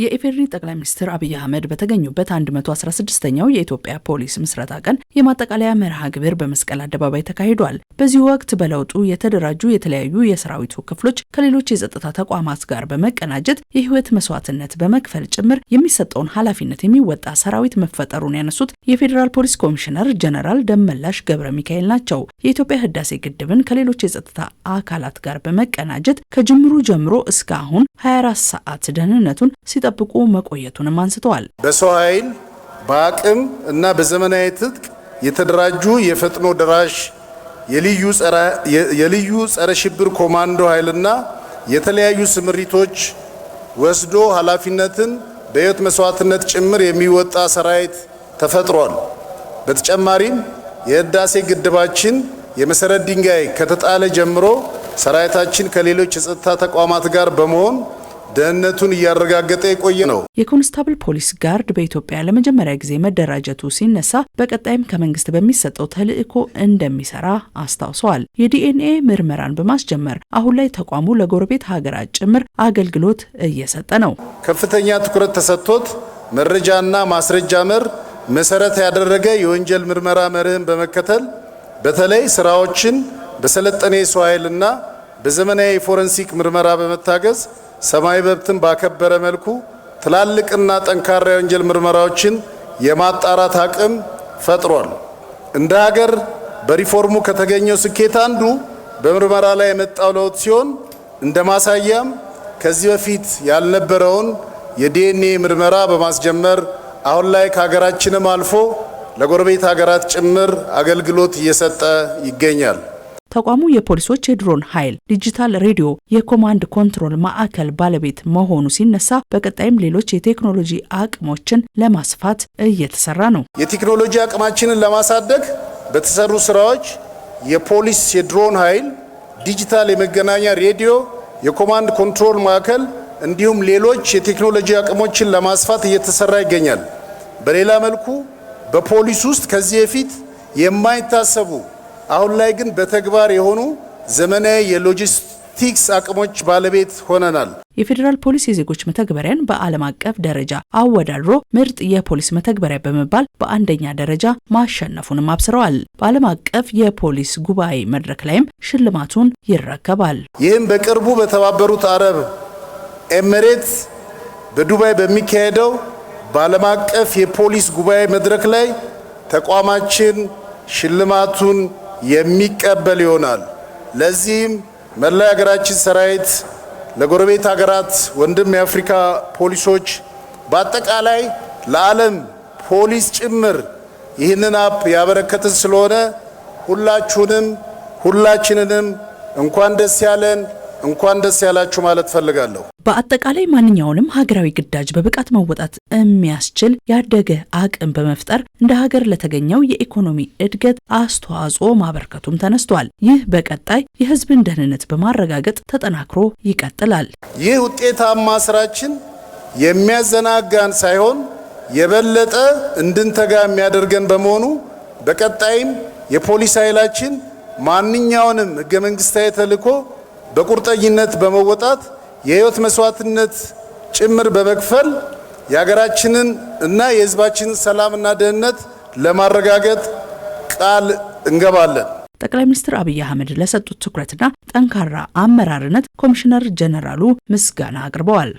የኢፌዴሪ ጠቅላይ ሚኒስትር አብይ አህመድ በተገኙበት 116ኛው የኢትዮጵያ ፖሊስ ምስረታ ቀን የማጠቃለያ መርሃ ግብር በመስቀል አደባባይ ተካሂዷል። በዚሁ ወቅት በለውጡ የተደራጁ የተለያዩ የሰራዊቱ ክፍሎች ከሌሎች የጸጥታ ተቋማት ጋር በመቀናጀት የህይወት መስዋዕትነት በመክፈል ጭምር የሚሰጠውን ኃላፊነት የሚወጣ ሰራዊት መፈጠሩን ያነሱት የፌዴራል ፖሊስ ኮሚሽነር ጀነራል ደመላሽ ገብረ ሚካኤል ናቸው። የኢትዮጵያ ህዳሴ ግድብን ከሌሎች የጸጥታ አካላት ጋር በመቀናጀት ከጅምሩ ጀምሮ እስካሁን 24 ሰዓት ደህንነቱን ሲጠብቁ መቆየቱንም አንስተዋል። በሰው ኃይል በአቅም እና በዘመናዊ ትጥቅ የተደራጁ የፈጥኖ ደራሽ የልዩ ጸረ ሽብር ኮማንዶ ኃይልና የተለያዩ ስምሪቶች ወስዶ ኃላፊነትን በሕይወት መስዋዕትነት ጭምር የሚወጣ ሰራዊት ተፈጥሯል። በተጨማሪም የህዳሴ ግድባችን የመሰረት ድንጋይ ከተጣለ ጀምሮ ሰራዊታችን ከሌሎች የጸጥታ ተቋማት ጋር በመሆን ደህንነቱን እያረጋገጠ የቆየ ነው። የኮንስታብል ፖሊስ ጋርድ በኢትዮጵያ ለመጀመሪያ ጊዜ መደራጀቱ ሲነሳ በቀጣይም ከመንግስት በሚሰጠው ተልዕኮ እንደሚሰራ አስታውሰዋል። የዲኤንኤ ምርመራን በማስጀመር አሁን ላይ ተቋሙ ለጎረቤት ሀገራት ጭምር አገልግሎት እየሰጠ ነው። ከፍተኛ ትኩረት ተሰጥቶት መረጃና ማስረጃ መር መሰረት ያደረገ የወንጀል ምርመራ መርህን በመከተል በተለይ ስራዎችን በሰለጠነ የሰው ኃይልና በዘመናዊ የፎረንሲክ ምርመራ በመታገዝ ሰማይ መብትን ባከበረ መልኩ ትላልቅና ጠንካራ የወንጀል ምርመራዎችን የማጣራት አቅም ፈጥሯል። እንደ ሀገር በሪፎርሙ ከተገኘው ስኬት አንዱ በምርመራ ላይ የመጣው ለውጥ ሲሆን እንደ ማሳያም ከዚህ በፊት ያልነበረውን የዲኤንኤ ምርመራ በማስጀመር አሁን ላይ ከሀገራችንም አልፎ ለጎረቤት ሀገራት ጭምር አገልግሎት እየሰጠ ይገኛል። ተቋሙ የፖሊሶች የድሮን ኃይል ዲጂታል ሬዲዮ የኮማንድ ኮንትሮል ማዕከል ባለቤት መሆኑ ሲነሳ በቀጣይም ሌሎች የቴክኖሎጂ አቅሞችን ለማስፋት እየተሰራ ነው። የቴክኖሎጂ አቅማችንን ለማሳደግ በተሰሩ ስራዎች የፖሊስ የድሮን ኃይል ዲጂታል የመገናኛ ሬዲዮ የኮማንድ ኮንትሮል ማዕከል እንዲሁም ሌሎች የቴክኖሎጂ አቅሞችን ለማስፋት እየተሰራ ይገኛል። በሌላ መልኩ በፖሊስ ውስጥ ከዚህ በፊት የማይታሰቡ አሁን ላይ ግን በተግባር የሆኑ ዘመናዊ የሎጂስቲክስ አቅሞች ባለቤት ሆነናል። የፌዴራል ፖሊስ የዜጎች መተግበሪያን በዓለም አቀፍ ደረጃ አወዳድሮ ምርጥ የፖሊስ መተግበሪያ በመባል በአንደኛ ደረጃ ማሸነፉንም አብስረዋል። በዓለም አቀፍ የፖሊስ ጉባኤ መድረክ ላይም ሽልማቱን ይረከባል። ይህም በቅርቡ በተባበሩት አረብ ኤምሬት በዱባይ በሚካሄደው በዓለም አቀፍ የፖሊስ ጉባኤ መድረክ ላይ ተቋማችን ሽልማቱን የሚቀበል ይሆናል። ለዚህም መላ የሀገራችን ሰራዊት፣ ለጎረቤት ሀገራት ወንድም የአፍሪካ ፖሊሶች፣ በአጠቃላይ ለዓለም ፖሊስ ጭምር ይህንን አፕ ያበረከትን ስለሆነ ሁላችሁንም ሁላችንንም እንኳን ደስ ያለን እንኳን ደስ ያላችሁ ማለት ፈልጋለሁ። በአጠቃላይ ማንኛውንም ሀገራዊ ግዳጅ በብቃት መወጣት የሚያስችል ያደገ አቅም በመፍጠር እንደ ሀገር ለተገኘው የኢኮኖሚ እድገት አስተዋጽኦ ማበርከቱም ተነስቷል። ይህ በቀጣይ የህዝብን ደህንነት በማረጋገጥ ተጠናክሮ ይቀጥላል። ይህ ውጤታማ ስራችን የሚያዘናጋን ሳይሆን የበለጠ እንድንተጋ የሚያደርገን በመሆኑ በቀጣይም የፖሊስ ኃይላችን ማንኛውንም ህገ መንግስታዊ ተልዕኮ በቁርጠኝነት በመወጣት የህይወት መስዋዕትነት ጭምር በመክፈል የሀገራችንን እና የህዝባችንን ሰላምና ደህንነት ለማረጋገጥ ቃል እንገባለን። ጠቅላይ ሚኒስትር አብይ አህመድ ለሰጡት ትኩረትና ጠንካራ አመራርነት ኮሚሽነር ጀነራሉ ምስጋና አቅርበዋል።